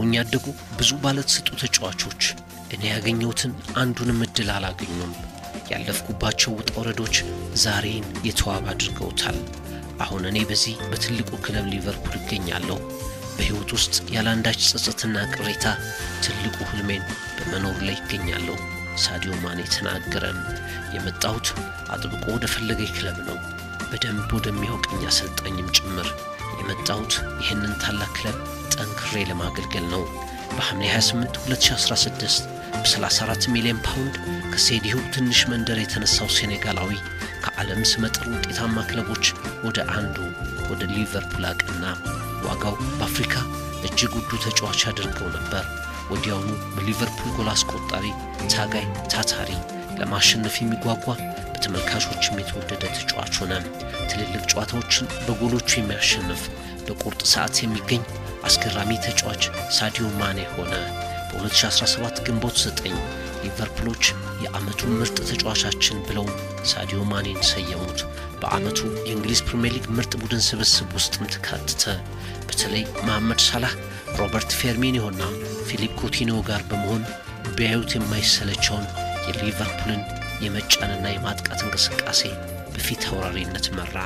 አብሮኝ ያደጉ ብዙ ባለተሰጥኦ ተጫዋቾች እኔ ያገኘሁትን አንዱንም እድል አላገኙም። ያለፍኩባቸው ውጣ ውረዶች ዛሬን የተዋብ አድርገውታል። አሁን እኔ በዚህ በትልቁ ክለብ ሊቨርፑል እገኛለሁ። በሕይወት ውስጥ ያለአንዳች ጸጸትና ቅሬታ ትልቁ ሕልሜን በመኖር ላይ ይገኛለሁ። ሳዲዮ ማኔ ተናገረም። የመጣሁት አጥብቆ ወደ ፈለገኝ ክለብ ነው፣ በደንብ ወደሚያውቀኝ አሰልጣኝም ጭምር የመጣሁት ይህንን ታላቅ ክለብ ፍሬ ለማገልገል ነው። በሐምሌ 28 2016 በ34 ሚሊዮን ፓውንድ ከሴዲሁ ትንሽ መንደር የተነሳው ሴኔጋላዊ ከዓለም ስመጥር ውጤታማ ክለቦች ወደ አንዱ ወደ ሊቨርፑል አቀና። ዋጋው በአፍሪካ እጅግ ውዱ ተጫዋች አድርገው ነበር። ወዲያውኑ በሊቨርፑል ጎል አስቆጣሪ፣ ታጋይ፣ ታታሪ፣ ለማሸነፍ የሚጓጓ በተመልካቾችም የተወደደ ተጫዋች ሆነ። ትልልቅ ጨዋታዎችን በጎሎቹ የሚያሸንፍ በቁርጥ ሰዓት የሚገኝ አስገራሚ ተጫዋች ሳዲዮ ማኔ ሆነ። በ2017 ግንቦት 9 ሊቨርፑሎች የዓመቱ ምርጥ ተጫዋቻችን ብለው ሳዲዮ ማኔን ሰየሙት። በዓመቱ የእንግሊዝ ፕሪምየር ሊግ ምርጥ ቡድን ስብስብ ውስጥም ተካተተ። በተለይ መሐመድ ሳላህ፣ ሮበርት ፌርሚኒዮና ፊሊፕ ኮቲኒዮ ጋር በመሆን ቢያዩት የማይሰለቸውን የሊቨርፑልን የመጫንና የማጥቃት እንቅስቃሴ በፊት አውራሪነት መራ።